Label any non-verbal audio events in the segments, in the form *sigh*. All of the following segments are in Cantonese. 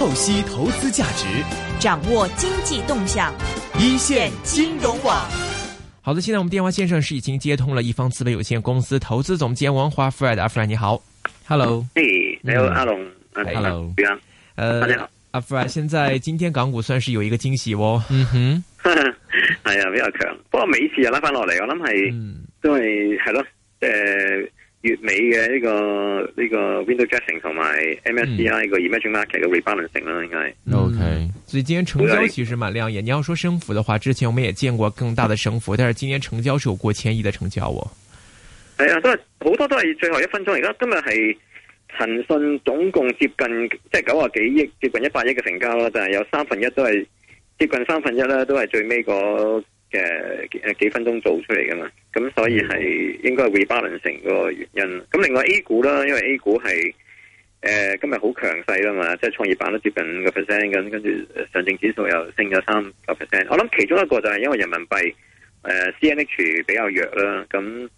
透析投資價值，掌握經濟動向，一線金融網。好的，現在我們電話線上是已經接通了，一方資本有限公司投資總監王華 Fred，阿 Fred 你好，Hello，哎，你好阿龍，Hello，你好，Fred，現在今天港股算是有一個驚喜哦，嗯哼、mm，係、hmm、啊、 *laughs* 哎，比較強，不過美市又拉翻落嚟，我諗係、嗯、都係係咯，即呃。月尾嘅呢、這個呢、這個 window dressing 同埋 MSCI 個 Emerging Market 嘅 rebalancing 啦，應該、嗯嗯、OK。所以今年成交其實蠻亮眼。以你要說升幅的話，之前我們也見過更大的升幅，嗯，但是今年成交是有過千億的成交哦。係啊，哎、呀都係好多都係最後一分鐘嚟噶。今日係騰訊總共接近即係九啊幾億，接近一百億嘅成交啦，但係有三分一都係接近三分一啦，都係最尾嗰嘅幾分鐘做出嚟噶嘛。咁所以係應該係 rebalance 成個原因。咁另外 A 股啦，因為 A 股係誒、呃、今日好強勢啦嘛，即係創業板都接近五個 percent 咁，跟住上證指數又升咗三個 percent。我諗其中一個就係因為人民幣誒、呃、CNH 比較弱啦，咁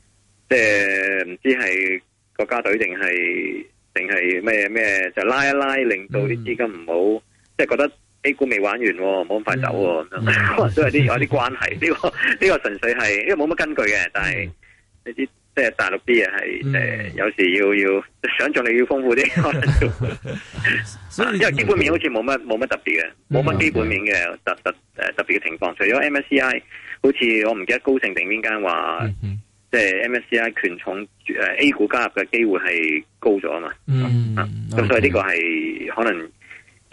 即係唔知係國家隊定係定係咩咩，就拉一拉，令到啲資金唔好，即係覺得。A 股未玩完，冇咁快走咁樣，可能都有啲有啲關係。呢個呢個純粹係，因為冇乜根據嘅，但係你知即係大陸啲嘢係誒，有時要要想像力，要豐富啲。可能因為基本面好似冇乜冇乜特別嘅，冇乜基本面嘅特特誒特別嘅情況。除咗 MSCI，好似我唔記得高盛定邊間話，即係 MSCI 權重誒 A 股加入嘅機會係高咗啊嘛。咁所以呢個係可能。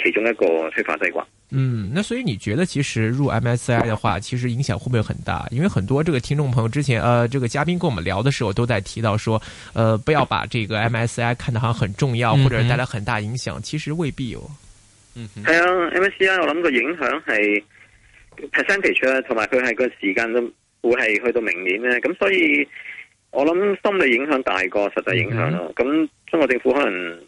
其中一個規劃，嗯，那所以你覺得其實入 MSCI 嘅話，其實影響會唔會很大？因為很多這個聽眾朋友之前，呃，這個嘉賓跟我們聊的時候，都在提到說，呃，不要把這個 MSCI 看得好像很重要，嗯、哼或者帶來很大影響。其實未必有。嗯哼，睇、嗯、哼啊 MSCI，我諗個影響係 percentage 啦，同埋佢係個時間都會係去到明年呢。咁所以，我諗心理影響大過實際影響咯。咁、嗯、中國政府可能。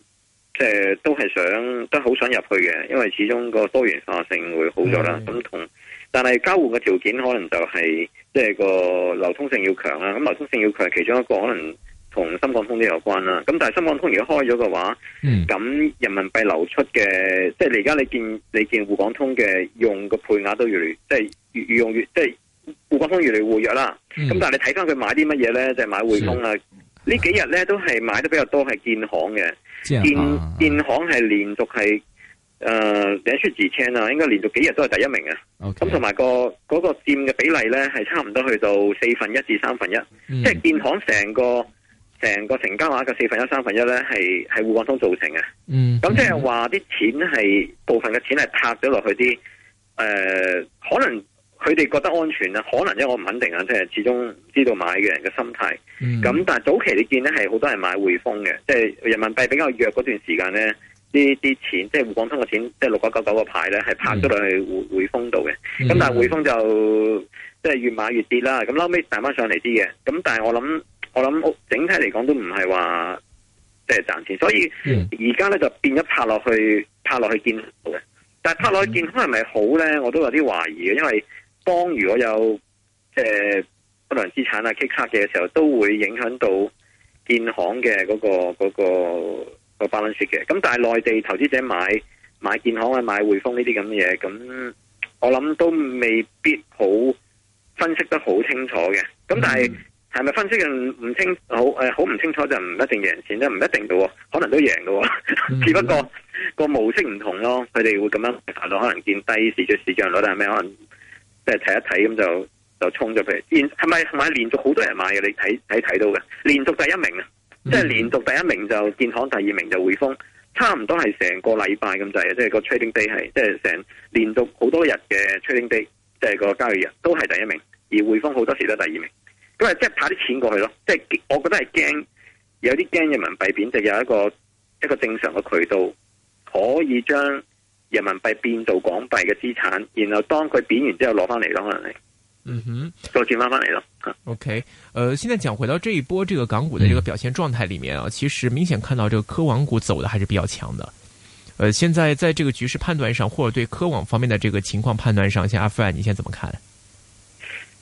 即係都係想，都好想入去嘅，因為始終個多元化性會好咗啦。咁同的，但係交換嘅條件可能就係、是，即、就、係、是、個流通性要強啦。咁流通性要強，其中一個可能同深港通都有關啦。咁但係深港通如果開咗嘅話，咁、嗯、人民幣流出嘅，即、就、係、是、你而家你見你見滬港通嘅用個配額都越嚟，即、就、係、是、越用越，即係滬港通越嚟越活躍啦。咁、嗯、但係你睇翻佢買啲乜嘢咧，就係、是、買匯通啊。是的這幾天呢幾日咧都係買得比較多係建行嘅。是健康的建建行係連續係誒第一出自清啊，應該連續幾日都係第一名啊。咁同埋個嗰、那個佔嘅比例咧，係差唔多去到四分一至三分一，嗯，即係建行成個，個成個成交額嘅四分一三分一咧，係係滬港通造成嘅。咁即係話啲錢係部分嘅錢係拍咗落去啲誒、呃，可能。佢哋覺得安全啦，可能因為，我唔肯定啊。即係始終知道買嘅人嘅心態。咁、嗯、但係早期你見咧係好多人係買匯豐嘅，即係人民幣比較弱嗰段時間咧，呢啲錢即係滬港通嘅錢，即係六九九九個牌咧，係拍咗落去匯匯豐度嘅。咁、嗯、但係匯豐就即係越買越跌啦。咁撈尾彈翻上嚟啲嘅。咁但係我諗我諗整體嚟講都唔係話即係賺錢。所以而家咧就變咗拍落去拍落去健康。但係拍落去健康係咪好咧？我都有啲懷疑嘅，因為。當如果有即不良資產啊，棘卡嘅時候，都會影響到建行嘅嗰、那個嗰、那個、那個 balance sheet 嘅。咁但係內地投資者買買建行啊，買匯豐呢啲咁嘅嘢，咁、嗯、我諗都未必好分析得好清楚嘅。咁、嗯、但係係咪分析嘅唔清好誒，好、呃、唔清楚就唔一定贏錢啫，唔一定嘅、哦，可能都贏嘅、哦，只、mm hmm. *laughs* 不過個模式唔同咯。佢哋會咁樣查到可能見低市值市賬率但係咩可能？即係睇一睇咁就就衝咗，譬如連係咪係咪連續好多人買嘅？你睇睇睇到嘅，連續第一名啊，即係連續第一名就建行，第二名就匯豐，差唔多係成個禮拜咁滯啊，即係個 trading day 係，即係成連續好多日嘅 trading day，即係個交易日都係第一名，而匯豐好多時都係第二名，咁啊即係派啲錢過去咯，即係我覺得係驚有啲驚人民幣貶值，有一個一個正常嘅渠道可以將。人民幣變做港幣嘅資產，然後當佢貶完之後攞翻嚟咯，係咪？嗯哼，再轉翻翻嚟咯。OK 誒，現在講回到這一波，這個港股嘅這個表現狀態裏面啊，嗯、其實明顯看到，這個科網股走的還是比較強的。誒、呃，現在在這個局勢判斷上，或者對科網方面的這個情況判斷上，像阿 Fred，你現在怎麼看？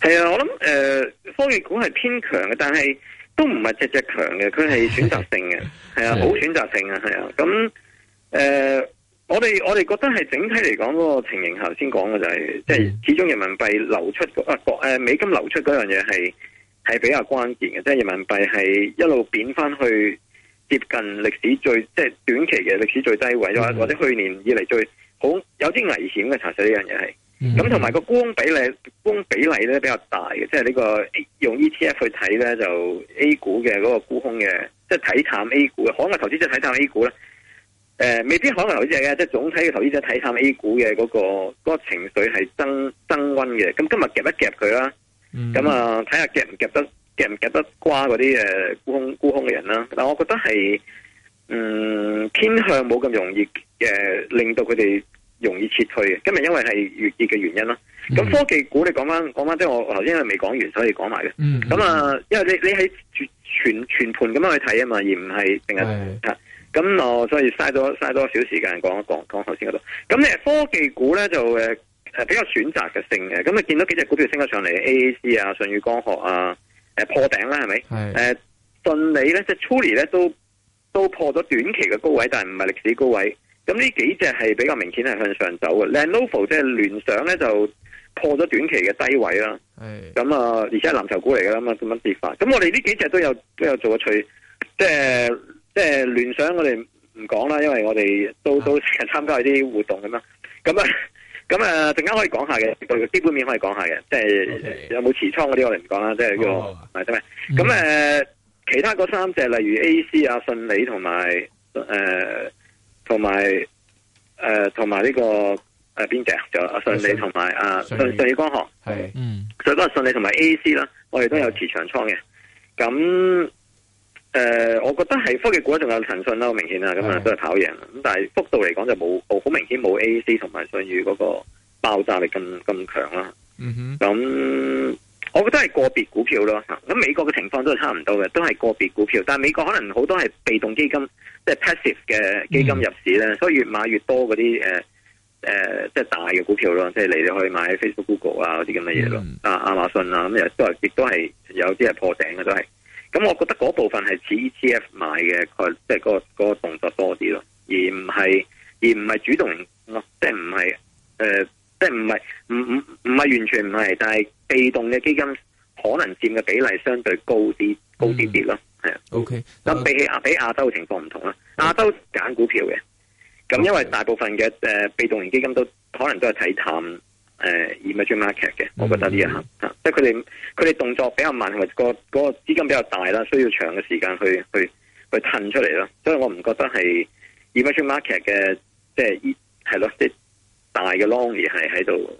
係啊，我諗誒、呃，科技股係偏強嘅，但係都唔係隻隻強嘅，佢係選擇性嘅，係 *laughs* 啊，啊好選擇性啊，係、嗯、啊。咁、呃、誒。我哋我哋覺得係整體嚟講嗰、那個情形，頭先講嘅就係、是，即係始終人民幣流出誒、啊、美金流出嗰樣嘢係係比較關鍵嘅，即係人民幣係一路貶翻去接近歷史最，即係短期嘅歷史最低位、mm hmm. 或者去年以嚟最好有啲危險嘅查實呢樣嘢係，咁同埋個沽空比例沽空比例咧比較大嘅，即係、這個、呢個用 ETF 去睇咧就 A 股嘅嗰、那個沽空嘅，即係睇淡 A 股，嘅。可能投資者睇淡 A 股呢。誒、呃，未必可能投資者嘅，即係總體嘅投資者睇淡 A 股嘅嗰、那個、那個情緒係增升溫嘅。咁今日夾一夾佢啦、咁、嗯、啊睇下夾唔夾得，夾唔夾得瓜嗰啲誒沽空沽空嘅人啦、啊。但我覺得係，嗯，偏向冇咁容易誒、呃，令到佢哋容易撤退嘅。今日因為係月結嘅原因啦、啊。咁、嗯、科技股你講翻講翻，即係、就是、我頭先係未講完，所以講埋嘅。咁、嗯嗯、啊，因為你你喺全全盤咁樣去睇啊嘛，而唔係淨係。咁我所以嘥咗嘥少時間講一講講頭先嗰度。咁咧科技股咧就誒、呃、比較選擇嘅性嘅。咁啊見到幾隻股票升咗上嚟，A A C 啊、舜宇光學啊、誒、啊、破頂啦係咪？係誒，順的、呃、利咧即係 Truly 咧都都破咗短期嘅高位，但係唔係歷史高位。咁呢幾隻係比較明顯係向上走嘅。Lenovo 的即係聯想咧就破咗短期嘅低位啦。咁啊的、呃，而且藍籌股嚟噶啦，咁樣跌法。咁我哋呢幾隻都有都有做過出，即、就、係、是。即係聯想，我哋唔講啦，因為我哋都、啊、都成日參加啲活動咁樣。咁啊，咁啊，陣間可以講下嘅，基本面可以講下嘅，即係 Okay. 有冇持倉嗰啲我哋唔講啦，即係呢個係咪？咁誒、oh.，嗯、其他嗰三隻，例如 A、C 啊、信利同埋誒，同埋誒，同埋呢個誒邊隻？就阿信利同埋啊，信利光學係，嗯，所以都係信利同埋 A、C 啦，我哋都有持倉倉嘅，咁。誒、呃，我覺得係科技股仲有騰訊啦，好明顯啦，咁啊都係跑贏。咁是的 但係幅度嚟講就冇，好明顯冇 A、C 同埋信宇嗰個爆炸力咁咁強啦。嗯哼嗯，咁我覺得係個別股票咯。咁、嗯、美國嘅情況都係差唔多嘅，都係個別股票。但係美國可能好多係被動基金，即、就、係、是、passive 嘅基金入市咧，嗯、所以越買越多嗰啲誒誒，即、呃、係、呃就是、大嘅股票咯，即係你哋可以買 Facebook、Google 啊嗰啲咁嘅嘢咯。阿亞馬遜啊咁亦、啊、都係，亦都係有啲係破頂嘅都係。咁我覺得嗰部分係似 E T F 買嘅，即係嗰、嗰個嗰個動作多啲咯，而唔係而唔係主動，我即係唔係，呃、即係唔係，唔唔唔係完全唔係，但係被動嘅基金可能佔嘅比例相對高啲，嗯、高啲啲咯，係啊，O K。咁 okay, okay. 比起亞比亞洲嘅情況唔同啦，亞洲揀股票嘅，咁 Okay. 因為大部分嘅、呃、被動型基金都可能都係睇淡。誒，emerging market 嘅，我覺得呢一行，即係佢哋佢哋動作比較慢，同埋個個資金比較大啦，需要長嘅時間去去去褪出嚟咯，所以我唔覺得係 emerging market 嘅，即係係 lost 大嘅 long 係喺度。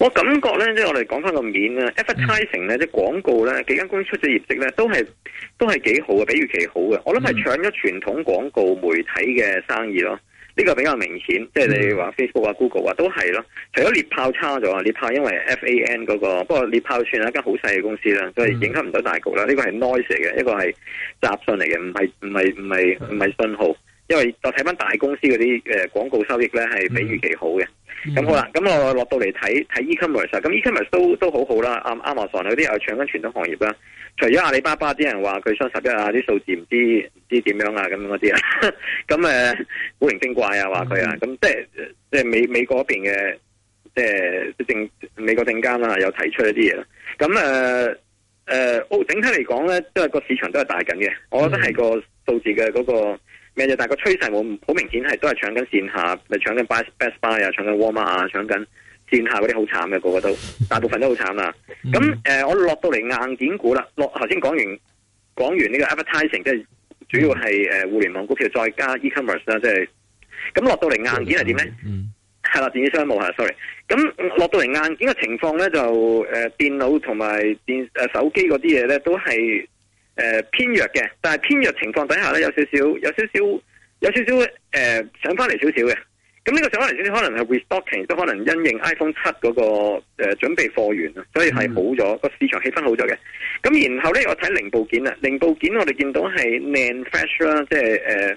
我感覺咧，即係我哋講翻個面啊，advertising 咧，即廣告咧，幾間公司出咗業績咧，都係都係幾好嘅，比預期好嘅。嗯、我諗係搶咗傳統廣告媒體嘅生意咯，呢、這個比較明顯。嗯、即係你話 Facebook 啊、Google 啊都係咯。除咗獵豹差咗啊，獵豹因為 FAN 嗰、那個，不過獵豹算係一間好細嘅公司啦，嗯、所以影響唔到大局啦。呢、這個係 noise 嚟嘅，一、這個係雜訊嚟嘅，唔係唔係唔係唔係信號。因為再睇翻大公司嗰啲誒廣告收益咧，係比預期好嘅。咁、e e、好啦，咁我落到嚟睇睇 e-commerce，咁 e-commerce 都都好好啦。Amazon 嗰啲又搶緊傳統行業啦。除咗阿里巴巴啲人話佢雙十一啊啲數字唔知唔知點樣啊咁嗰啲啊，咁 *laughs* 誒、呃、古靈精怪啊話佢啊，咁、嗯、即係即係美美國嗰邊嘅，即係即正美國證監啦，又提出一啲嘢。咁誒誒，整體嚟講咧，都係個市場都係大緊嘅。嗯、我覺得係個數字嘅嗰、那個。咩嘢？但係個趨勢冇好明顯，係都係搶緊線下，咪搶緊 Best Buy 啊，搶緊沃爾瑪啊，搶緊線下嗰啲好慘嘅，個個都大部分都好慘啦。咁誒、 *laughs* 呃，我落到嚟硬件股啦，落頭先講完講完呢個 advertising，即係主要係誒、呃、互聯網股票，再加 e-commerce 啦，commerce, 即係咁落到嚟硬件係點咧？嗯，係啦，電子商務係。sorry，咁、嗯、落到嚟硬件嘅情況咧，就誒、呃、電腦同埋電誒、呃、手機嗰啲嘢咧，都係。誒、呃，偏弱嘅，但係偏弱情況底下咧，有少少，有少少，有少少誒，上翻嚟，少少嘅。咁、這、呢個上翻嚟少少，可能係 restocking，都可能因應 iPhone 七嗰、那個誒、呃、準備貨源啊，所以係好咗個、嗯、市場氣氛好咗嘅。咁然後咧，我睇零部件啊，零部件我哋見到係 NAND Flash 即係誒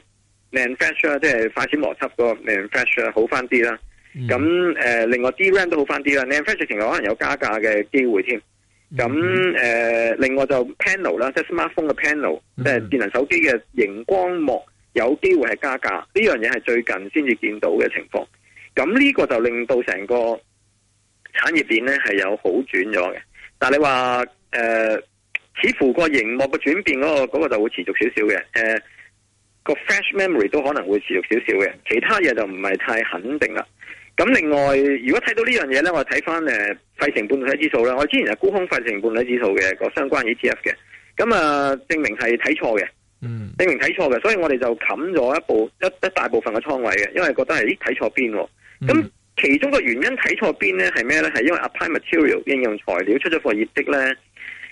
NAND Flash 即係快閃 memory 個 NAND Flash 好翻啲啦。咁、呃、誒，另外 DRAM 都好翻啲啦，NAND Flash 情況可能有加價嘅機會添。咁誒、呃、另外就 panel 啦 pan、mm，即係 smartphone 嘅 panel，即係智能手機嘅熒光幕有，有機會係加價，呢樣嘢係最近先至見到嘅情況。咁呢個就令到成個產業鏈咧係有好轉咗嘅。但係你話誒、呃、似乎個熒幕嘅轉變嗰、那個那個嗰個嗰個就會持續少少嘅。誒、呃、個 flash memory 都可能會持續少少嘅，其他嘢就唔係太肯定啦。咁另外，如果睇到呢樣嘢咧，我睇翻誒費城半導體指數咧，我之前係沽空費城半導體指數嘅個相關 ETF 嘅，咁啊證明係睇錯嘅，證明睇錯嘅、嗯，所以我哋就冚咗一部一一大部分嘅倉位嘅，因為覺得係咦睇錯邊喎。咁、嗯、其中個原因睇錯邊咧係咩咧？係因為 Applied Material 應用材料出咗貨業績咧，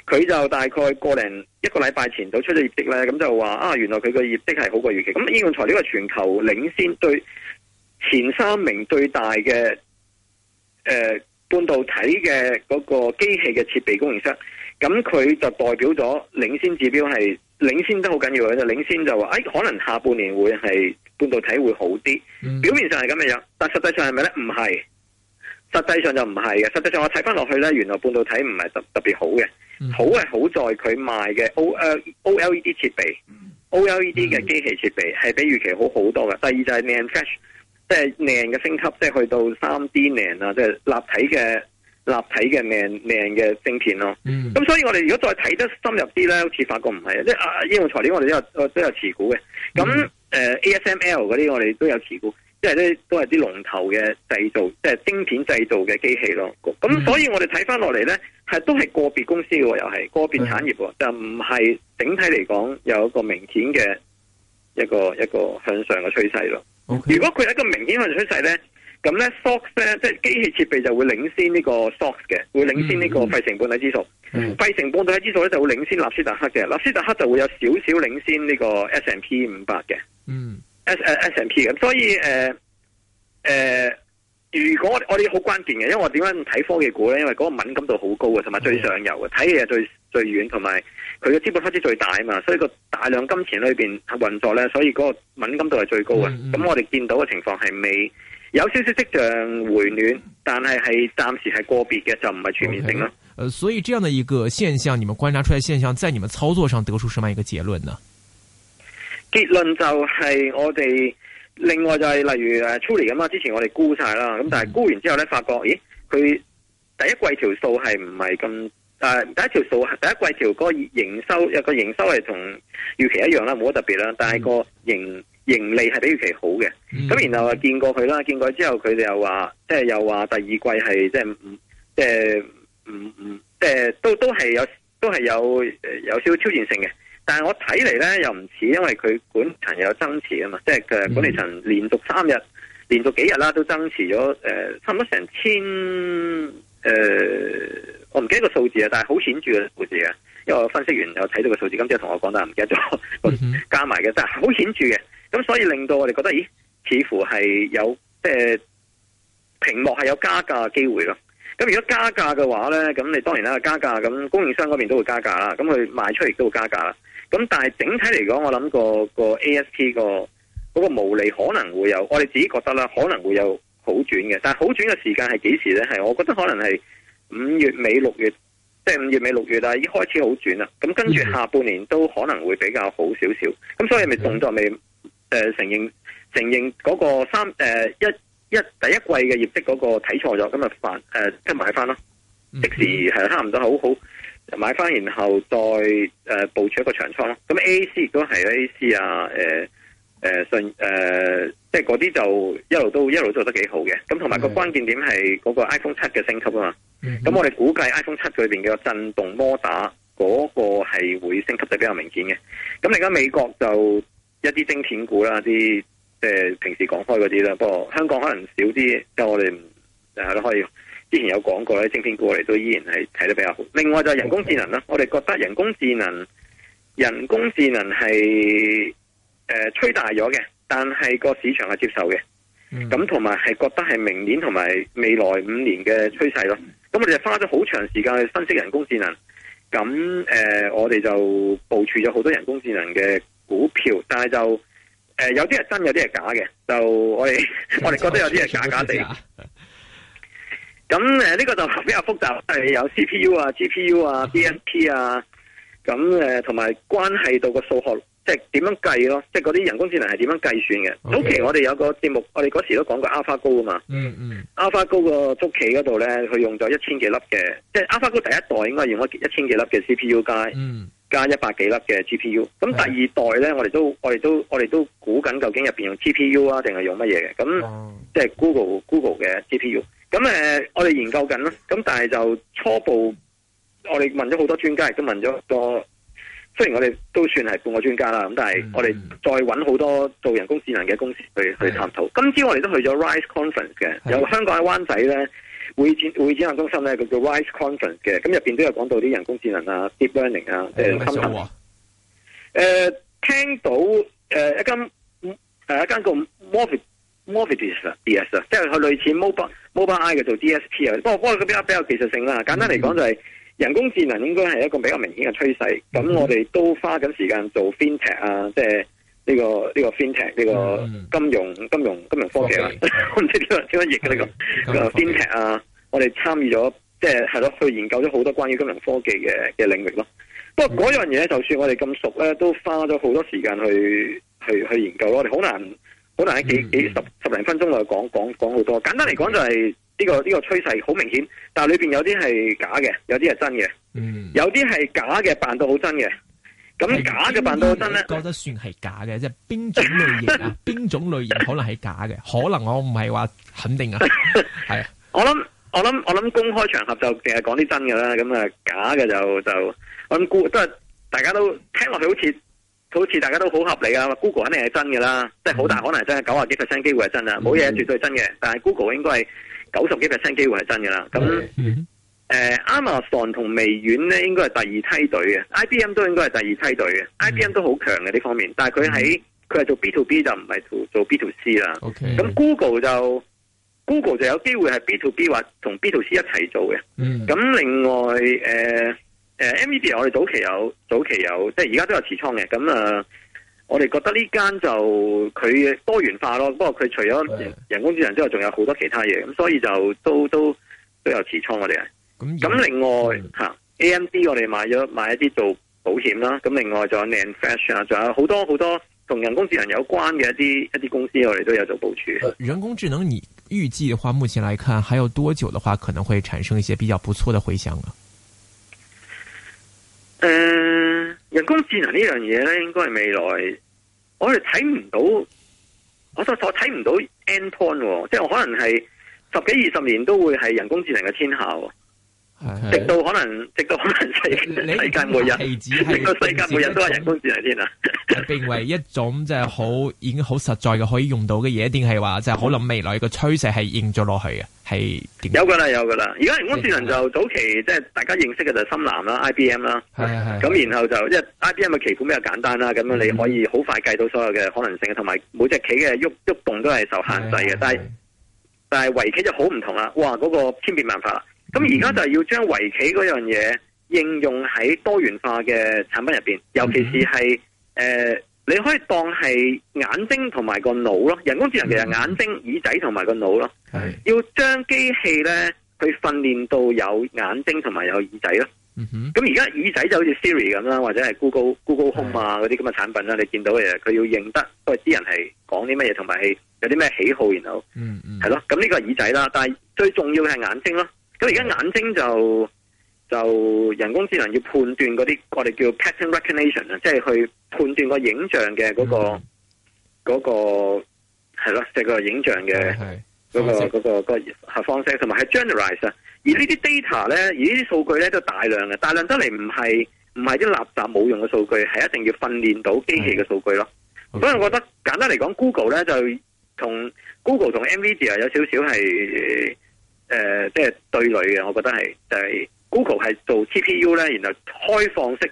佢就大概過零一個禮拜前就出咗業績咧，咁就話啊原來佢個業績係好過預期，咁應用材料係全球領先對。前三名最大嘅誒、呃、半導體嘅嗰個機器嘅設備供應商，咁佢就代表咗領先指標係領先得好緊要嘅，就領先就話誒、哎、可能下半年會係半導體會好啲，mm. 表面上係咁嘅樣，但實際上係咪咧？唔係，實際上就唔係嘅。實際上我睇翻落去咧，原來半導體唔係特特別好嘅、mm.，好係好在佢賣嘅 O、呃、OLED 設備，OLED 嘅機器設備係比預期好好多嘅。第二就係 NAND Flash。即係靚嘅升級，即係去到三 D 靚啊！即係立體嘅立體嘅靚靚嘅晶片咯。咁、嗯、所以我哋如果再睇得深入啲咧，好似發覺唔係，即係啊應用材料我哋都有都有持股嘅。咁誒，ASML 嗰啲我哋都有持股，即係咧都係啲龍頭嘅製造，即係晶片製造嘅機器咯。咁所以我哋睇翻落嚟咧，係都係個別公司嘅又係個別產業，就唔係整體嚟講有一個明顯嘅一個一個向上嘅趨勢咯。Okay. 如果佢係一個明顯嘅趨勢咧，咁咧，SOX 咧，即係機器設備就會領先呢個 SOX 嘅，會領先呢個費城半導體指數，費城、嗯嗯、半導體指數咧就會領先納斯達克嘅，納、嗯、斯達克就會有少少領先呢個 S&P 五百嘅， 嗯，S S,、uh, S&P 咁，所以誒誒、呃呃，如果我哋好關鍵嘅，因為我點樣睇科技股咧，因為嗰個敏感度好高啊，同埋最上游嘅，睇嘢、嗯、最。最遠，同埋佢嘅資本開支最大啊嘛，所以個大量金錢裏邊運作咧，所以嗰個敏感度係最高嘅。咁、嗯嗯、我哋見到嘅情況係未有少少跡象回暖，但係係暫時係個別嘅，就唔係全面性咯、okay. 呃。所以這樣嘅一個現象，你們觀察出來的現象，在你們操作上得出什麼一個結論呢？結論就係我哋另外就係例如誒出嚟㗎嘛，之前我哋估晒啦，咁但係估完之後咧，發覺咦，佢第一季條數係唔係咁。誒，第一條數係第一季條個營收，有個營收係同預期一樣啦，冇乜特別啦。但係個盈盈利係比預期好嘅。咁、mm hmm. 然後啊見過佢啦，見過他之後佢哋、就是、又話，即係又話第二季係即係唔即係唔唔即係都都係有都係有、呃、有少少挑戰性嘅。但係我睇嚟咧又唔似，因為佢管理層有增持啊嘛，即、就、係、是、管理層連續三日連續幾日啦都增持咗誒、呃，差唔多成千。誒、呃，我唔記得個數字啊，但係好顯著嘅數字嘅，因為我分析完又睇到個數字，咁即係同我講啦，但係唔記得咗，呵呵 *laughs* 加埋嘅真係好顯著嘅，咁所以令到我哋覺得，咦，似乎係有即係、呃、屏幕係有加價嘅機會咯。咁如果加價嘅話咧，咁你當然啦，加價，咁供應商嗰邊都會加價啦，咁佢賣出嚟，都會加價啦。咁但係整體嚟講，我諗個個 A S P 個嗰個毛利可能會有，我哋自己覺得啦，可能會有。好轉嘅，但係好轉嘅時間係幾時咧？係我覺得可能係五月尾六月，即係五月尾六月但係已經開始好轉啦，咁跟住下半年都可能會比較好少少，咁所以咪動作咪誒、呃、承認承認嗰個三誒、呃、一一第一季嘅業績嗰個睇錯咗，咁啊反誒即係買翻咯，呃買 mm hmm. 即時係差唔多好好買翻，然後再誒、呃、部署一個長倉咯。咁 A C 亦都係 A C 啊，誒、呃。誒、呃，信誒、呃，即係嗰啲就一路都一路做得幾好嘅，咁同埋個關鍵點係嗰個 iPhone 七嘅升級啊嘛，咁、嗯嗯、我哋估計 iPhone 七裏邊嘅震動摩打嗰、嗰個係會升級得比較明顯嘅。咁而家美國就一啲晶片股啦，啲即係平時講開嗰啲啦，不過香港可能少啲，即係我哋誒都可以，之前有講過咧，晶片股我哋都依然係睇得比較好。另外就係人工智能啦，Okay. 我哋覺得人工智能，人工智能係。誒，吹大咗嘅，但係個市場係接受嘅，咁同埋係覺得係明年同埋未來五年嘅趨勢咯。咁、嗯、我哋就花咗好長時間去分析人工智能，咁誒、呃，我哋就部署咗好多人工智能嘅股票，但係就誒、呃、有啲係真，有啲係假嘅。就我哋、嗯、 *laughs* 我哋覺得有啲係假假地。咁誒， *laughs* 呢、呃這個就比較複雜，係有 C P U 啊、G P U 啊、D S P 啊，咁誒、嗯，同埋、呃、關係到個數學。即係點樣計咯，即係嗰啲人工智能係點樣計算嘅。Okay. 早期我哋有個節目，我哋嗰時都講過 AlphaGo 啊嘛。嗯嗯，AlphaGo 個捉棋嗰度咧，佢、hmm. 用咗一千幾粒嘅，即係 AlphaGo 第一代應該用咗一千幾粒嘅 CPU 加，mm hmm. 加一百幾粒嘅 GPU。咁第二代咧 Yeah.，我哋都我哋都我哋都估緊究竟入邊用 GPU 啊，定係用乜嘢嘅？咁即係 Google Google 嘅 GPU。咁誒、呃，我哋研究緊啦。咁但係就初步，我哋問咗好多專家，亦都問咗多。雖然我哋都算係半個專家啦，咁但係我哋再揾好多做人工智能嘅公司去、嗯、去探討。的今朝我哋都去咗 Rise Conference 嘅，的有香港喺灣仔咧會展會展覽中心咧，佢叫 Rise Conference 嘅，咁入邊都有講到啲人工智能啊、deep learning 啊，即係 content。誒、呃、聽到誒、呃呃、一間誒、呃、一間叫 Movidius Movidius DS 啊，即係佢類似 Mobile, Mobile Mobile Eye 嘅做 DSP 啊，不過不過佢比較比較技術性啦，簡單嚟講就係、是。嗯人工智能應該係一個比較明顯嘅趨勢，咁我哋都花緊時間做 fintech 啊，即係呢、呢個呢、呢個 fintech 呢個金融、mm hmm. 金融金融，啊、Okay. *laughs* 金融科技啊，我唔知點點樣譯嘅呢個 fintech 啊，我哋參與咗，即係係咯，去研究咗好多關於金融科技嘅嘅領域咯。不過嗰樣嘢就算我哋咁熟咧，都花咗好多時間去去去研究咯。我哋好難好難喺幾、mm hmm. 幾十十零分鐘內講講講好多。簡單嚟講就係、係。呢、這個呢、這個趨勢好明顯，但係裏邊有啲係假嘅，有啲係真嘅。嗯、有啲係假嘅扮到好真嘅，咁假嘅扮到好真咧，假的假的覺得算係假嘅，即係邊種類型啊？邊種類型可能係假嘅， *laughs* 可能我唔係話肯定啊，係 *laughs* 啊，我諗我諗我諗公開場合就淨係講啲真嘅啦，咁啊假嘅就就我諗 Google 都係大家都聽落去好似好似大家都好合理啊，Google 肯定係真嘅啦，嗯、即係好大可能係真嘅，九十幾 percent 機會係真啦，冇嘢絕對係真嘅，但係 Google 應該係。九十幾 percent 機會係真嘅啦，咁誒、mm hmm. 呃、Amazon 同微軟咧應該係第二梯隊嘅，IBM 都應該係第二梯隊嘅，IBM 都好強嘅呢方面，但係佢喺佢係做 B to B 就唔係做做 B to C 啦。咁 Okay. Google 就 Google 就有機會係 B to B 或同 B to C 一齊做嘅。咁、mm hmm. 另外誒誒，M v B 我哋早期有早期有，即係而家都有持倉嘅。咁啊。呃我哋覺得呢間就佢多元化咯，不過佢除咗人工智能之外，仲有好多其他嘢，咁所以就都都都有持倉，我哋係咁啊。咁另外嚇，AMD 我哋買咗買一啲做保險啦。咁另外仲有 Neural Fashion，仲有好多好多同人工智能有關嘅一啲一啲公司，我哋都有做部署。人工智能，你預計嘅話，目前嚟看，還有多久嘅話，可能會產生一些比較不錯嘅回響啊？誒、呃，人工智能呢樣嘢咧，應該係未來，我哋睇唔到，我睇唔到 end point，即係我可能係十幾二十年都會係人工智能嘅天下，是是直到可能是是直到可能世世界末日，每直到世界末日都係人工智能先啊！變為一， *laughs* 一種就係好已經好實在嘅可以用到嘅嘢，定係話就係、是、可能未來個趨勢係應咗落去係有噶啦，有噶啦。而家人工智能就早期即係大家認識嘅就深藍啦、I B M 啦，係係。咁然後就即係 I B M 嘅棋盤比較簡單啦，咁樣你可以好快計到所有嘅可能性，同埋每隻棋嘅喐喐動都係受限制嘅。但係但係圍棋就好唔同啦，哇嗰個千變萬化啦。咁而家就係要將圍棋嗰樣嘢應用喺多元化嘅產品入邊，尤其是係誒。你可以當係眼睛同埋個腦咯，人工智能其實眼睛、Yeah. 耳仔同埋個腦咯。係 Yeah. 要將機器咧去訓練到有眼睛同埋有耳仔咯。咁而家耳仔就好似 Siri 咁啦，或者係 Google、Google Home 啊嗰啲咁嘅產品啦，Yeah. 你見到嘅嘢，佢要認得，因為啲人係講啲乜嘢同埋有啲咩喜好，然後係咯。咁、hmm. 呢個係耳仔啦，但係最重要嘅係眼睛咯。咁而家眼睛就。就人工智能要判斷嗰啲，我哋叫 pattern recognition 啊，即係去判斷、就是、個影像嘅嗰、嗰個嗰、mm hmm. 嗰個係咯，即、那、係個影像嘅嗰個嗰個嗰個方式，同埋係 generalize 啊。而呢啲 data 咧，而呢啲數據咧都大量嘅，大量得嚟唔係唔係啲垃圾冇用嘅數據，係一定要訓練到機器嘅數據咯。Mm hmm. okay. 所以我覺得簡單嚟講，Google 咧就同 Google 同 Nvidia 有少少係誒即係對壘嘅，我覺得係就係、是。Google 係做 TPU 咧，然後開放式誒、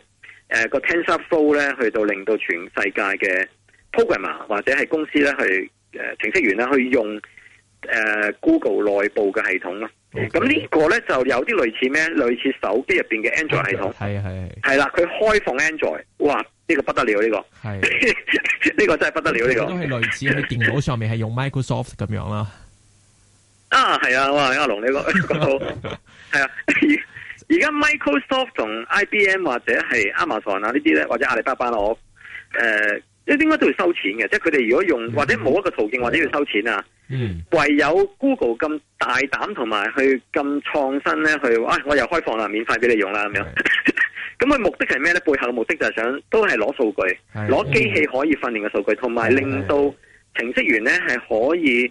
呃、個 TensorFlow 咧，去到令到全世界嘅 programmer 或者係公司咧去誒、呃、程式員去用誒、呃、Google 內部嘅系統咯。咁 Okay. 呢個咧就有啲類似咩？類似手機入邊嘅 Android 系統，係啊係係啦，佢 Okay. 開放 Android，哇呢、呢個不得了呢、呢個，係呢的 *laughs* 個真係不得了呢個。都係類似喺 *laughs* 電腦上面係用 Microsoft 咁樣啦。啊係啊，是哇阿龍呢個係啊。而家 Microsoft 同 IBM 或者係 Amazon 啊呢啲咧，或者阿里巴巴咯，誒，即係應該都要收錢嘅，即係佢哋如果用或者冇一個途徑，或者要收錢啊。嗯。唯有 Google 咁大膽同埋去咁創新咧，去啊、哎，我又開放啦，免費俾你用啦，咁是的 這樣。咁 *laughs* 佢目的係咩咧？背後嘅目的就係想都係攞數據，攞機器可以訓練嘅數據，同埋令到程式員咧係可以。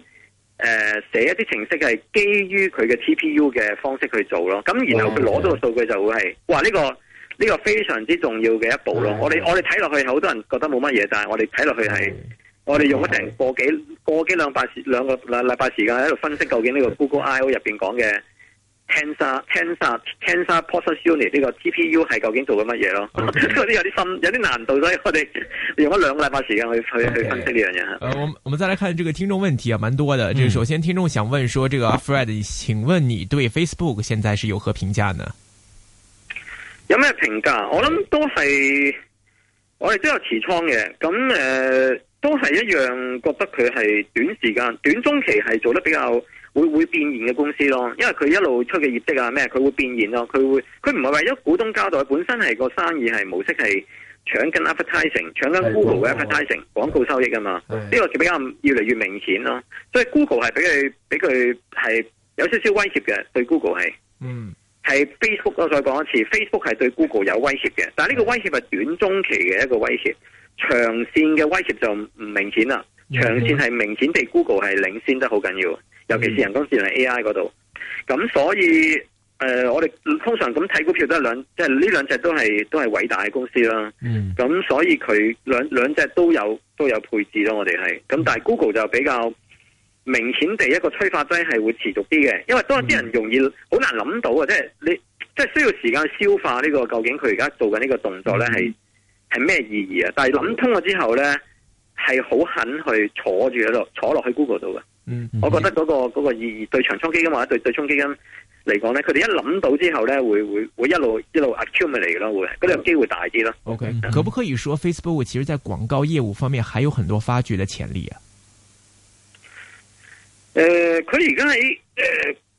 誒，寫、呃、一啲程式係基於佢嘅 TPU 嘅方式去做咯，咁然後佢攞到個數據就會係，哇呢、呢個呢、呢個非常之重要嘅一步咯。我哋我哋睇落去好多人覺得冇乜嘢，但係我哋睇落去係，嗯、我哋用咗成個幾個幾兩拜時兩個禮禮拜時間喺度分析究竟呢個 Google I/O 入邊講嘅。Tensor Tensor Tensor Processing 呢個 TPU 係究竟做緊乜嘢咯？嗰啲 Okay. *laughs* 有啲深，有啲難度，所以我哋用咗兩個禮拜時間去，Okay. 去分析呢樣嘢。我、呃、我們再來看這個聽眾問題啊，蠻多的。嗯、就首先，聽眾想問說，這個 Fred，請問你對 Facebook 現在是有何評價呢？有咩評價？我諗都係，我哋都有持倉嘅。咁誒、呃，都係一樣，覺得佢係短時間、短中期係做得比較。會會變現嘅公司咯，因為佢一路出嘅業績啊咩，佢會變現咯，佢會佢唔係為咗股東交代，本身係個生意係模式係搶緊 advertisement 搶緊 Google 嘅 advertisement 廣告收益啊嘛，呢的個就比較越嚟越明顯咯。所以 Google 係俾佢俾佢係有少少威脅嘅，對 Google 係，嗯，係 Facebook 我再講一次，Facebook 係對 Google 有威脅嘅，但係呢個威脅係短中期嘅一個威脅，長線嘅威脅就唔明顯啦。長線係明顯地 Google 係領先得好緊要。尤其是人工智能 AI 嗰度，咁所以，誒、呃，我哋通常咁睇股票都係兩，即係呢兩隻都係都係偉大嘅公司啦。咁、嗯、所以佢兩兩隻都有都有配置咯，我哋係。咁但係 Google 就比較明顯地一個催化劑係會持續啲嘅，因為多啲人容易好難諗到啊，即、就、係、是、你即係、就是、需要時間去消化呢、這個究竟佢而家做緊呢個動作咧係係咩意義啊？但係諗通咗之後咧，係好肯去坐住喺度坐落去 Google 度嘅。嗯、我覺得嗰、那個嗰、嗯那個二二、那個、對長倉基金或者對對沖基金嚟講咧，佢哋一諗到之後咧，會會會一路一路 accumulate 咯，會嗰啲機會大啲咯。OK、嗯嗯、可唔可以說 Facebook 其實在廣告業務方面還有很多發掘嘅潛力啊？誒、呃，佢而家喺誒，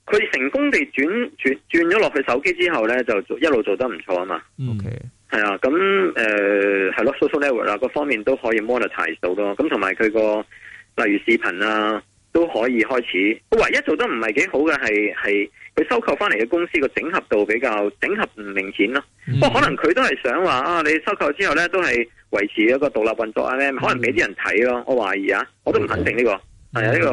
佢、呃、成功地轉轉轉咗落去手機之後咧，就一路做得唔錯啊嘛。OK，係、嗯、啊，咁誒係咯，social network 各方面都可以 monetize 到咯。咁同埋佢個例如視頻啊。都可以開始，我唯一做得唔係幾好嘅係係佢收購翻嚟嘅公司個整合度比較整合唔明顯咯，不過、嗯、可能佢都係想話啊，你收購之後咧都係維持一個獨立運作啊，可能俾啲人睇咯。我懷疑啊，我都唔肯定呢個係啊，呢個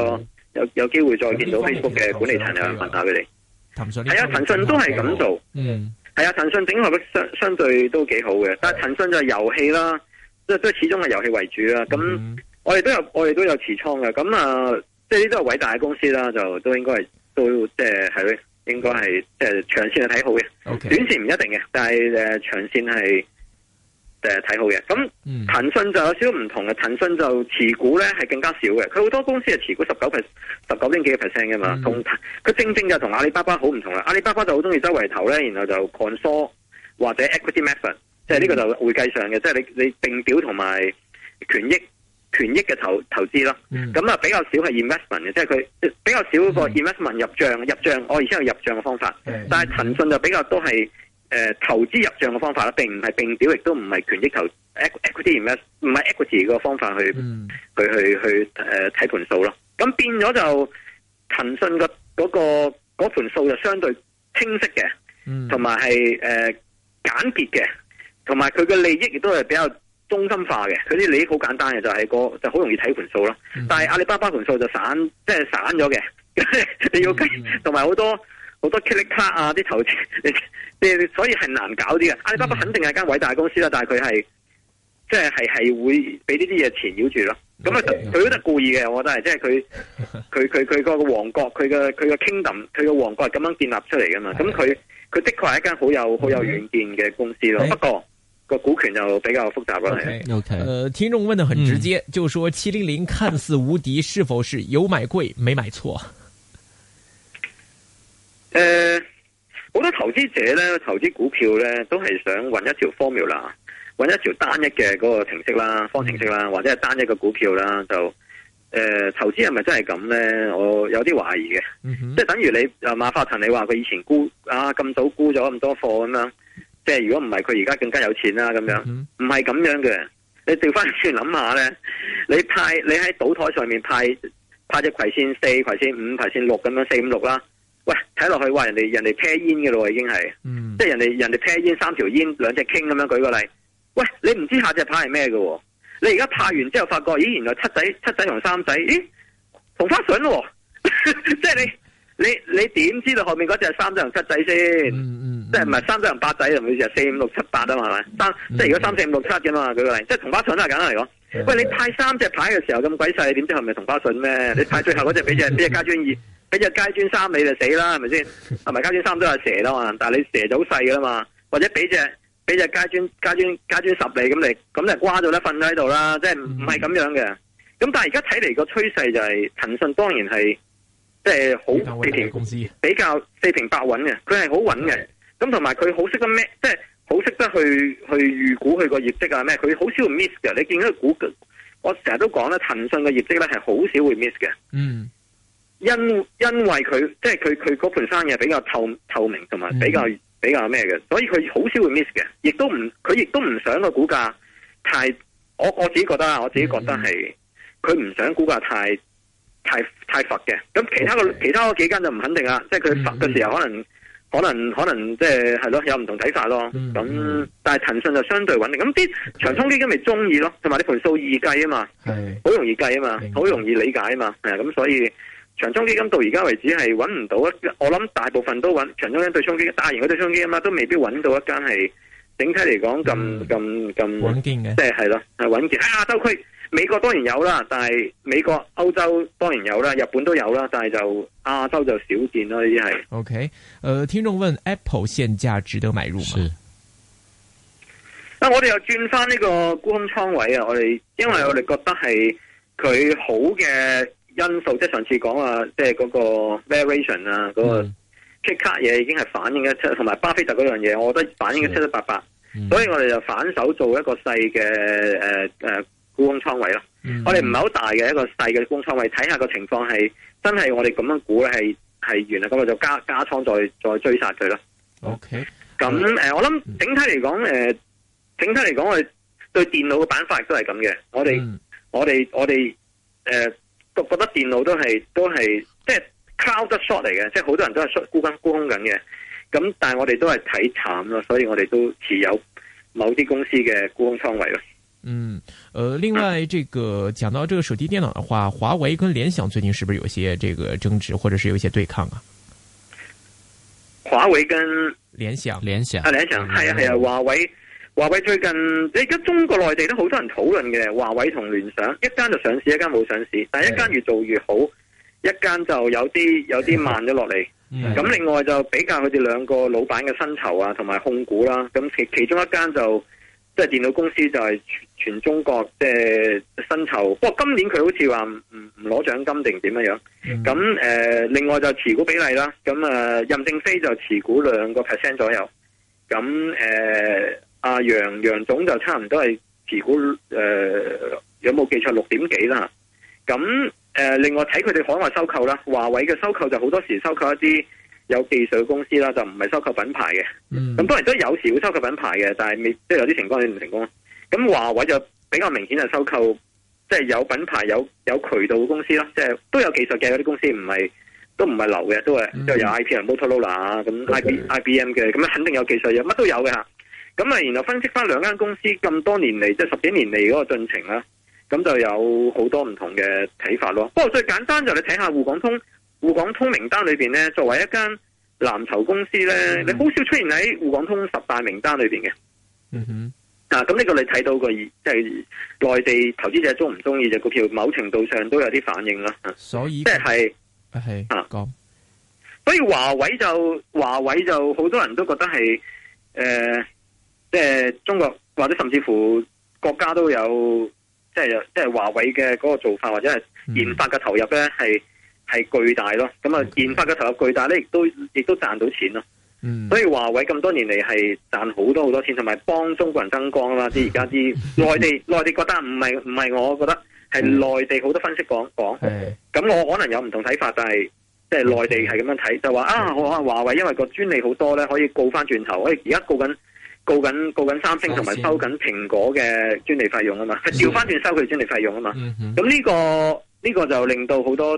有有機會再見到 Facebook 嘅管理層有人問下佢哋。騰訊係啊，騰訊都係咁做，嗯，係啊，騰訊整合嘅相相對都幾好嘅，但係騰訊就係遊戲啦，即即始終係遊戲為主啦。咁、嗯、我哋都有我哋都有持倉嘅，咁啊。即係呢啲都係偉大嘅公司啦，就都應該係都即係喺應該係即係長線係睇好嘅，Okay. 短線唔一定嘅，但係誒、呃、長線係誒睇好嘅。咁、嗯、騰訊就有少少唔同嘅，騰訊就持股咧係更加少嘅，佢好多公司係持股十九 percent 十九點幾 percent 噶嘛。同佢、嗯、正正就同阿里巴巴好唔同啦，阿里巴巴就好中意周圍投咧，然後就 c o n s o 或者 equity method，即係呢個就會計上嘅，即係你你並表同埋權益。權益嘅投投資咯，咁啊、嗯、比較少係 investment 嘅，即係佢比較少個 investment 入賬入賬，我而家有入賬嘅方法。嗯、但係騰訊就比較都係誒、呃、投資入賬嘅方法啦，並唔係併表，亦都唔係權益投 equity investment，唔係 equity 個方法去佢、嗯、去去誒睇盤數咯。咁、呃、變咗就騰訊嘅個盤數就相對清晰嘅，同埋係誒簡潔嘅，同埋佢嘅利益亦都係比較中心化嘅，佢啲理好簡單嘅，就係、是那個就好容易睇盤數啦。嗯、但係阿里巴巴盤數就散，即、就、係、是、散咗嘅。你要計，同埋好多好多 credit 卡啊啲投資， *laughs* 你所以係難搞啲嘅。阿里巴巴肯定係間偉大公司啦，嗯、但係佢係即係係係會俾呢啲嘢纏繞住咯。咁啊、嗯，佢都係故意嘅，我覺得係，即係佢佢佢佢個王國，佢、那個佢個 kingdom，佢個王國係咁樣建立出嚟噶嘛。咁佢佢的確係一間好有好有遠見嘅公司咯。嗯、不過。欸個股權就比較複雜啦。OK，OK。誒，聽眾問得很直接，嗯、就說七零零看似無敵，是否是有買貴沒買錯？誒、呃，好多投資者咧，投資股票咧，都係想搵一條 formula 啦，搵一條單一嘅嗰個程式啦，方程式啦，嗯、或者係單一嘅股票啦，就誒、呃，投資係咪真係咁咧？我有啲懷疑嘅，即係、嗯、哼等於你誒馬化騰你話佢以前沽，啊咁早沽咗咁多貨咁樣。即係如果唔係佢而家更加有錢啦、啊、咁樣，唔係咁樣嘅。你調翻轉諗下咧，你派你喺賭台上面派派隻葵扇四、葵扇五、葵扇六咁樣四五六啦。喂，睇落去人哋人哋啤煙嘅咯，已經係，嗯、即係人哋人哋啤煙三條煙兩隻 King 咁樣舉個例。喂，你唔知下隻牌係咩嘅？你而家派完之後發覺，咦，原來七仔七仔同三仔，咦，同花順、啊、 *laughs* 即係你。你你點知道後面嗰隻係三隻人七仔先？嗯嗯、即係唔係三隻人八仔同唔會似四五六七八啊嘛係咪？三、嗯、即係如果三四五六七嘅嘛，舉、那個例，即係同花順啊簡單嚟講。嗯、喂，你派三隻牌嘅時候咁鬼細，點知係咪同花順咩？啊？嗯、你派最後嗰隻俾隻俾隻加磚二，俾隻加磚三你就死啦，係咪先？係咪加磚三都係蛇啦嘛，但係你蛇就好細噶啦嘛，或者俾隻俾隻加磚加磚加磚十尾咁你咁就瓜咗啦，瞓咗喺度啦，即係唔係咁樣嘅。咁、嗯、但係而家睇嚟個趨勢就係騰訊當然係。即係好四平公司，比較四平八穩嘅，佢係好穩嘅。咁同埋佢好識得咩？即係好識得去去預估佢個業績啊咩？佢好少會 miss 嘅。你見嗰個股，我成日都講咧，騰訊嘅業績咧係好少會 miss 嘅。嗯，因因為佢即係佢佢嗰盤生意係比較透透明，同埋比較比較咩嘅，嗯、所以佢好少會 miss 嘅。亦都唔，佢亦都唔想個股價太。我我自己覺得啊，我自己覺得係，佢唔、嗯嗯、想股價太。太太佛嘅，咁其他嘅 Okay. 其他個幾間就唔肯定啊，即係佢佛嘅時候可能、mm hmm. 可能可能即係係咯，有唔同睇法咯。咁、mm hmm. 但係騰訊就相對穩定，咁啲長倉基金咪中意咯，同埋呢盤數易計啊嘛，好的容易計啊嘛，好容易理解啊嘛，係啊，咁所以長倉基金到而家為止係揾唔到啊，我諗大部分都揾長倉一對沖基金，大型嘅對沖基金啊嘛，都未必揾到一間係。整體嚟講咁咁咁穩健嘅、啊，即係係咯，係穩健喺亞洲區。美國當然有啦，但係美國、歐洲當然有啦，日本都有啦，但係就亞洲就少見咯。呢啲係。OK，誒、呃，聽眾問 Apple 現價值得買入嗎？啊是，我哋又轉翻呢個沽空倉位啊，我哋因為我哋覺得係佢好嘅因素，即係上次講啊，即係嗰個 variation 啊，個。嗯即刻嘢已經係反映咗，同埋巴菲特嗰樣嘢，我覺得反映咗七七八八，嗯、所以我哋就反手做一個細嘅誒誒沽空倉位咯。嗯、我哋唔係好大嘅一個細嘅沽空倉位，睇下，個情況係真係我哋咁樣估咧，係係完，咁我就加加倉再再追殺佢咯。OK，咁誒，我諗整體嚟講，誒、呃，整體嚟講，我哋對電腦嘅板塊亦都係咁嘅。我哋我哋我哋誒，覺、呃、覺得電腦都係都係即係。crowded short 嚟嘅，即係好多人都係沽緊沽空緊嘅，咁但係我哋都係睇淡咯，所以我哋都持有某啲公司嘅沽空倉位咯。嗯，誒、呃，另外，這個講到這個手機電腦嘅話，華為跟聯想最近是不是有些這個爭執，或者是有一些對抗啊？華為跟聯想，聯想啊，聯想係想想啊係想啊，啊，華為，華為最近，而家中國內地都好多人討論嘅，華為同聯想，一間就上市，一間冇上市，嗯、但係一間越做越好。一間就有啲有啲慢咗落嚟，咁另外就比較佢哋兩個老闆嘅薪酬啊，同埋控股啦、啊。咁其其中一間就即係、就係、電腦公司就係，就係全中國即係薪酬。不過今年佢好似話唔唔攞獎金定點樣樣。咁誒、嗯呃，另外就持股比例啦。咁誒、呃，任正非就持股兩個 percent 左右。咁誒，阿、呃啊、楊楊總就差唔多係持股誒、呃，有冇記錯六點幾啦？咁。誒，另外睇佢哋海外收購啦，華為嘅收購就好多時收購一啲有技術嘅公司啦，就唔係收購品牌嘅。咁、嗯、當然都有時會收購品牌嘅，但係未即係、就是、有啲情況，有啲唔成功，成功。咁華為就比較明顯就收購即係有品牌、有有渠道嘅公司啦，即、就、係、是、都有技術嘅嗰啲公司，唔係都唔係流嘅，都係即係有 IP M, Motorola, Okay. I P、人、Motorola 咁 I B I B M 嘅，咁肯定有技術嘅，乜都有嘅。吓，咁啊，然後分析翻兩間公司咁多年嚟，即、就、係、是、十幾年嚟嗰個進程啦。咁就有好多唔同嘅睇法咯。不過最簡單就你睇下滬港通，滬港通名單裏邊咧，作為一間藍籌公司咧，嗯、哼你好少出現喺滬港通十大名單裏邊嘅。嗯哼。嗱、啊，咁呢個你睇到個即係內地投資者中唔中意隻股票，某程度上都有啲反應啦。所以即係係啊講。所以華為就華為就好多人都覺得係誒，即、呃、係、呃、中國或者甚至乎國家都有。即係即係華為嘅嗰個做法，或者係研發嘅投入咧，係係巨大咯。咁啊，研發嘅投入巨大咧，亦都亦都賺到錢咯。嗯，所以華為咁多年嚟係賺好多好多錢，同埋幫中國人增光啦。啲而家啲內地 *laughs* 內地覺得唔係唔係，是是我覺得係內地好多分析講講。咁的我可能有唔同睇法，但係即係內地係咁樣睇，就話啊，的可能華為因為個專利好多咧，可以告翻轉頭。我哋而家告緊。告緊告緊三星同埋收緊蘋果嘅專利費用啊嘛，係調翻轉收佢專利費用啊嘛。咁呢、嗯嗯嗯呢個呢、呢個就令到好多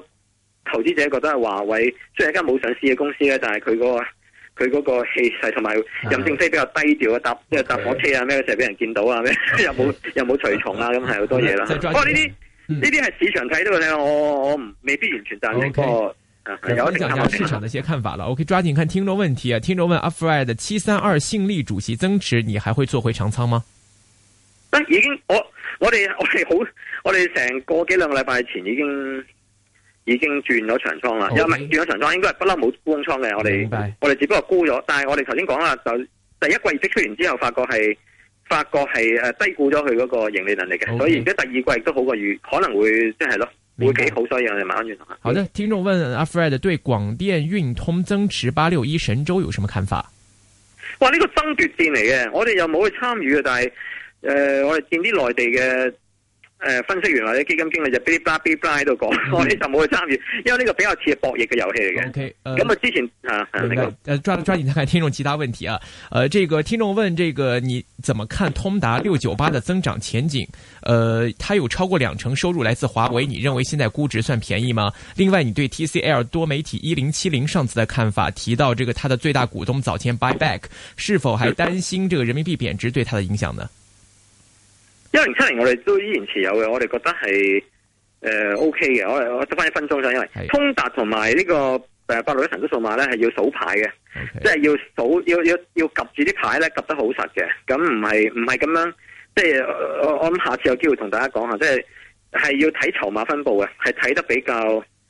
投資者覺得係華為雖然係間冇上市嘅公司咧，但係佢、嗰個佢嗰個氣勢同埋任正非比較低調、就是、啊，搭即係搭火車啊咩成日俾人見到啊咩，又冇又冇隨從啊咁係好多嘢啦。不過呢啲呢啲係市場睇到嘅，我我唔未必完全贊成。Okay. 你講下市場的一些看法啦。 *laughs* OK，抓緊看聽眾問題啊！聽眾問阿 Fred 七三二信利主席增持，你還會做回長倉嗎？已經我我哋我哋好，我哋成個幾兩個禮拜前已經已經轉咗長倉啦。Okay. 因為轉咗長倉，應該係不嬲冇沽空倉嘅。我哋白我哋只不過沽咗，但係我哋頭先講啦，就第一季業績出完之後，發覺係發覺係誒低估咗佢嗰個盈利能力嘅，Okay. 所以而家第二季都好過預，可能會即係咯。會幾好所以啊，萬安源。好的，聽眾問阿 Fred 對廣電運通增持八六一神州有什麼看法？哇，呢、這個爭奪戰嚟嘅，我哋又冇去參與啊，但係，誒、呃，我哋見啲內地嘅。呃、分析員或者基金經理就嗶啦嗶啦喺度講，我哋、嗯、就冇去參與，因為呢個比較似係博弈嘅遊戲嚟嘅。咁啊，之前吓，誒、啊，抓抓緊睇下聽眾其他問題啊。呃這個聽眾問，這個你怎麼看通達六九八的增長前景？呃他有超過兩成收入來自華為，你認為現在估值算便宜嗎？另外，你對 TCL 多媒體一零七零上次的看法，提到這個他的最大股東早前 buy back，是否還擔心這個人民幣貶值對他的影響呢？一零七零，我哋都依然持有嘅。我哋覺得係誒、呃、OK 嘅。我我得翻一分鐘先，因為通達同埋呢個誒八六一神州數碼咧係要數牌嘅，Okay. 即係要數要要要夾住啲牌咧夾得好實嘅。咁唔係唔係咁樣，即係我諗下次有機會同大家講下，即係係要睇籌碼分布嘅，係睇得比較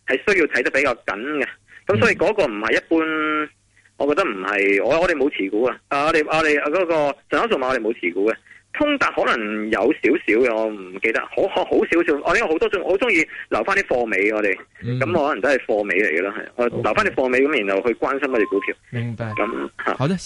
係需要睇得比較緊嘅。咁所以嗰個唔係一般，我覺得唔係我我哋冇持股嘅啊！我啊我哋、那個、我哋嗰個神州數碼我哋冇持股嘅。通達可能有少少嘅，我唔記得，好好少少、哦。我呢個好多種，我好中意留翻啲貨尾，我哋咁，我可能都係貨尾嚟嘅啦。係我留翻啲貨尾，咁然後去關心嗰隻股票。明白。咁樣好的，啊